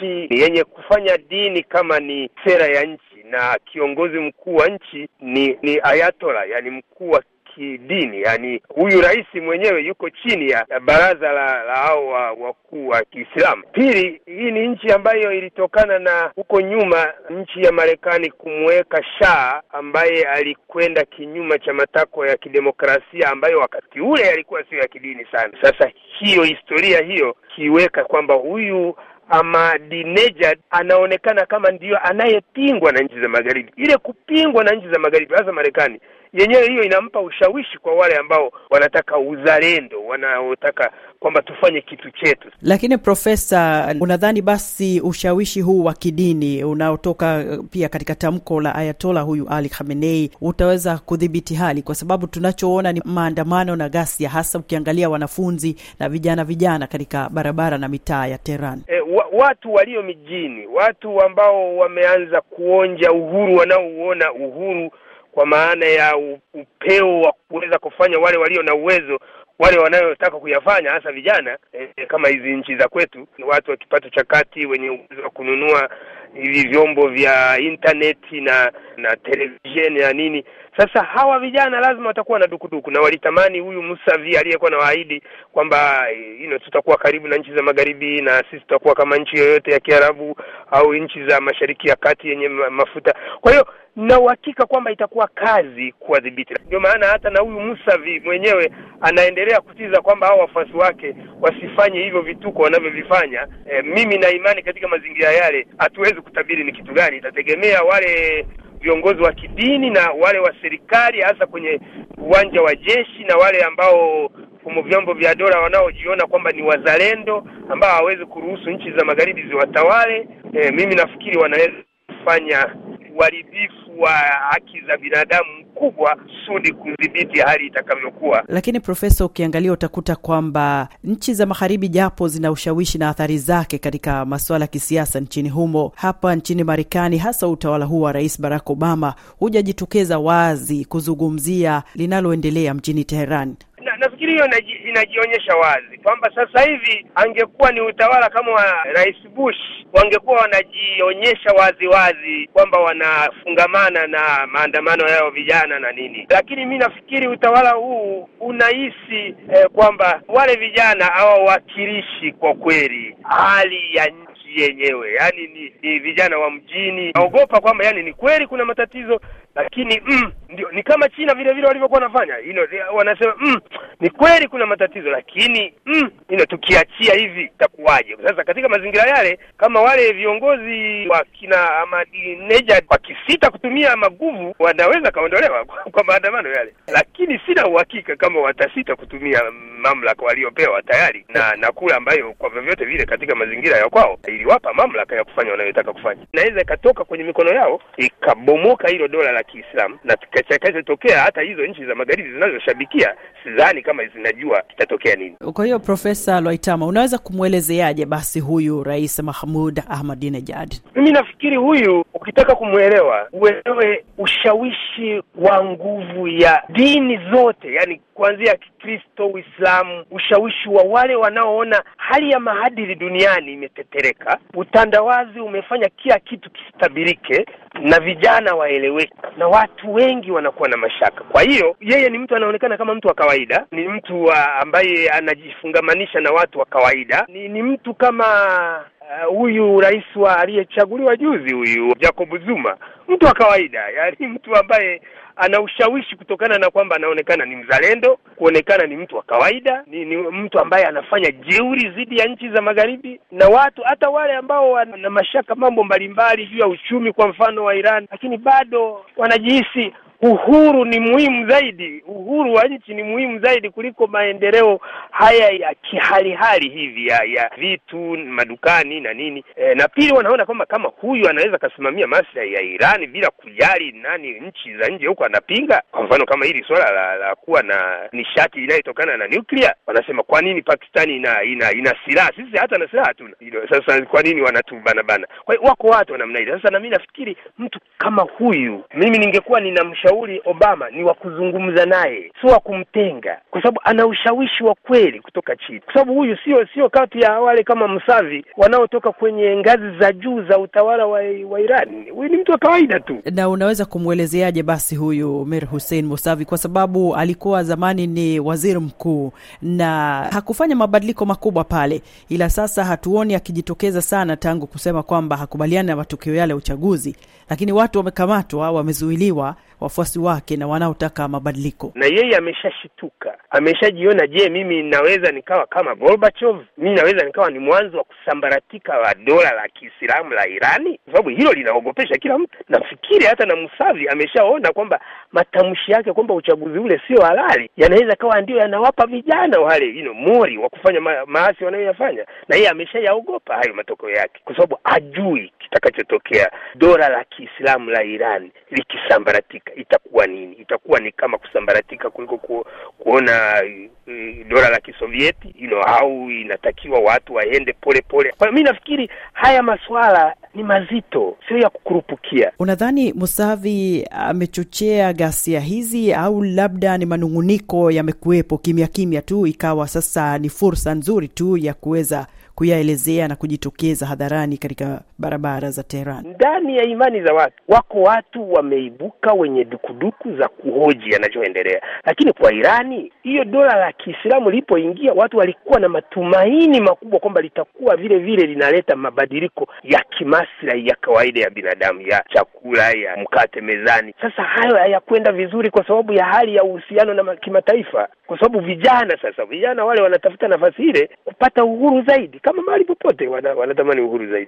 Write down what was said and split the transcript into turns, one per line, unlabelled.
nchi ni yenye kufanya dini kama ni sera ya nchi, na kiongozi mkuu wa nchi ni ni ayatola, yani mkuu wa kidini, yani huyu rais mwenyewe yuko chini ya baraza la la hao wakuu wa Kiislamu. Pili, hii ni nchi ambayo ilitokana na huko nyuma nchi ya Marekani kumweka Shah ambaye alikwenda kinyuma cha matakwa ya kidemokrasia ambayo wakati ule yalikuwa sio ya kidini sana. Sasa hiyo historia hiyo kiweka kwamba huyu ama denejad anaonekana kama ndiyo anayepingwa na nchi za magharibi. Ile kupingwa na nchi za magharibi, hasa Marekani, yenyewe hiyo inampa ushawishi kwa wale ambao wanataka uzalendo, wanaotaka kwamba tufanye kitu chetu.
Lakini Profesa, unadhani basi ushawishi huu wa kidini unaotoka pia katika tamko la Ayatola huyu Ali Khamenei utaweza kudhibiti hali? Kwa sababu tunachoona ni maandamano na ghasia, hasa ukiangalia wanafunzi na vijana vijana katika barabara na mitaa ya Tehran.
E, eh, wa, watu walio mijini, watu ambao wameanza kuonja uhuru, wanaouona uhuru kwa maana ya upeo wa kuweza kufanya wale walio na uwezo wale wanayotaka kuyafanya hasa vijana e, kama hizi nchi za kwetu, ni watu wa kipato cha kati wenye uwezo wa kununua hivi vyombo vya intaneti na na televisheni na nini. Sasa hawa vijana lazima watakuwa na dukuduku, na walitamani huyu Musavi aliyekuwa na waahidi kwamba eh, you know, tutakuwa karibu na nchi za magharibi na sisi tutakuwa kama nchi yoyote ya Kiarabu au nchi za mashariki ya kati yenye mafuta. Kwa hiyo na uhakika kwamba itakuwa kazi kuwadhibiti. Ndio maana hata na huyu Musavi mwenyewe anaendelea kutiza kwamba hao wafuasi wake wasifanye hivyo vituko wanavyovifanya. E, mimi na imani katika mazingira yale hatuwezi kutabiri ni kitu gani, itategemea wale viongozi wa kidini na wale wa serikali, hasa kwenye uwanja wa jeshi na wale ambao kwa vyombo vya dola wanaojiona kwamba ni wazalendo ambao hawawezi kuruhusu nchi za magharibi ziwatawale. E, mimi nafikiri wanaweza kufanya uharibifu wa haki za binadamu kubwa sudi kudhibiti hali itakavyokuwa.
Lakini Profesa, ukiangalia utakuta kwamba nchi za magharibi japo zina ushawishi na athari zake katika masuala ya kisiasa nchini humo, hapa nchini Marekani, hasa utawala huu wa Rais Barack Obama hujajitokeza wazi kuzungumzia linaloendelea mjini Teheran
nafikiri hiyo inajionyesha wazi kwamba sasa hivi angekuwa ni utawala kama wa Rais Bush, wangekuwa wanajionyesha wazi wazi kwamba wanafungamana na maandamano yao vijana na nini, lakini mi nafikiri utawala huu unahisi eh, kwamba wale vijana hawawakilishi kwa kweli hali ya nchi yenyewe, yani ni, ni vijana wa mjini. Naogopa kwamba yani ni kweli kuna matatizo lakini mm, ndio ni kama China vile vile walivyokuwa wanafanya hilo. Wanasema mm, ni kweli kuna matatizo, lakini mm, ino, tukiachia hivi itakuwaje? Sasa katika mazingira yale, kama wale viongozi wa kina Ahmadinejad wakisita kutumia maguvu, wanaweza kaondolewa kwa maandamano yale, lakini sina uhakika kama watasita kutumia mamlaka waliopewa tayari na na kula ambayo kwa vyovyote vile katika mazingira ya kwao iliwapa mamlaka ya kufanya wanayotaka kufanya, inaweza ikatoka kwenye mikono yao ikabomoka hilo dola la Kiislamu, na kitakachotokea hata hizo nchi za magharibi zinazoshabikia, sidhani kama zinajua kitatokea nini.
Kwa hiyo, Profesa Lwaitama, unaweza kumwelezeaje basi huyu Rais Mahmud Ahmadinejad? Mimi
nafikiri huyu, ukitaka kumwelewa, uelewe ushawishi wa nguvu ya dini zote, yani kuanzia Kikristo, Uislamu, ushawishi wa wale wanaoona hali ya maadili duniani imetetereka, utandawazi umefanya kila kitu kistabirike na vijana waeleweke na watu wengi wanakuwa na mashaka. Kwa hiyo yeye ni mtu anaonekana kama mtu wa kawaida, ni mtu wa ambaye anajifungamanisha na watu wa kawaida, ni, ni mtu kama Eh, huyu uh, rais wa aliyechaguliwa juzi huyu Jacob Zuma, mtu wa kawaida, yaani mtu ambaye ana ushawishi kutokana na kwamba anaonekana ni mzalendo, kuonekana ni mtu wa kawaida, ni, ni mtu ambaye anafanya jeuri dhidi ya nchi za magharibi na watu hata wale ambao wana mashaka mambo mbalimbali juu ya uchumi, kwa mfano wa Iran, lakini bado wanajihisi uhuru ni muhimu zaidi, uhuru wa nchi ni muhimu zaidi kuliko maendeleo haya ya kihalihali hivi ya, ya vitu madukani na nini e, na pili wanaona kwamba kama huyu anaweza akasimamia maslahi ya Irani bila kujali nani nchi za nje huko anapinga. Kwa mfano kama hili swala la, la kuwa na nishati inayotokana na nuclear, wanasema kwa nini Pakistani ina ina, ina silaha? Sisi hata na silaha hatuna. Sasa kwa nini wanatubana bana? Kwa hiyo wako watu wanamnaida Sasa na mimi nafikiri mtu kama huyu, mimi ningekuwa ninamsha kumshauri Obama ni wa kuzungumza naye, sio wa kumtenga, kwa sababu ana ushawishi wa kweli kutoka chini, kwa sababu huyu sio sio kati ya wale kama Msavi wanaotoka kwenye ngazi za
juu za utawala wa, wa Irani. Huyu ni mtu wa kawaida tu. Na unaweza kumwelezeaje basi huyu Mir Hussein Musavi, kwa sababu alikuwa zamani ni waziri mkuu na hakufanya mabadiliko makubwa pale, ila sasa hatuoni akijitokeza sana tangu kusema kwamba hakubaliani na matokeo yale ya uchaguzi, lakini watu wamekamatwa, wamezuiliwa wafuasi wake na wanaotaka mabadiliko. Na
yeye ameshashituka, ameshajiona, je, mimi naweza nikawa kama Gorbachev? Mimi naweza nikawa ni mwanzo wa kusambaratika wa dola la Kiislamu la Irani? Kwa sababu hilo linaogopesha kila mtu. Nafikiri hata na Musavi ameshaona kwamba matamshi yake kwamba uchaguzi ule sio halali yanaweza kawa ndio yanawapa vijana wale ino mori wa kufanya ma maasi wanayoyafanya, na yeye ameshayaogopa hayo matokeo yake, kwa sababu ajui kitakachotokea dola la Kiislamu la Irani likisambaratika itakuwa nini? Itakuwa ni kama kusambaratika kuliko ku, kuona uh, dola la Kisovieti you know, au inatakiwa watu waende pole pole. Kwa mi nafikiri haya
masuala ni mazito, sio ya kukurupukia. Unadhani Musavi amechochea ghasia hizi au labda ni manung'uniko yamekuwepo kimya kimya tu, ikawa sasa ni fursa nzuri tu ya kuweza kuyaelezea na kujitokeza hadharani katika barabara za Tehran.
Ndani ya imani za watu wako watu wameibuka wenye dukuduku za kuhoji yanachoendelea, lakini kwa Irani hiyo dola la Kiislamu lilipoingia, watu walikuwa na matumaini makubwa kwamba litakuwa vile vile linaleta mabadiliko ya kimaslahi ya kawaida ya binadamu, ya chakula, ya mkate mezani. Sasa hayo hayakwenda vizuri kwa sababu ya hali ya uhusiano na kimataifa, kwa sababu vijana sasa, vijana wale wanatafuta nafasi ile kupata uhuru zaidi kama mahali popote wanatamani wana uhuru zaidi.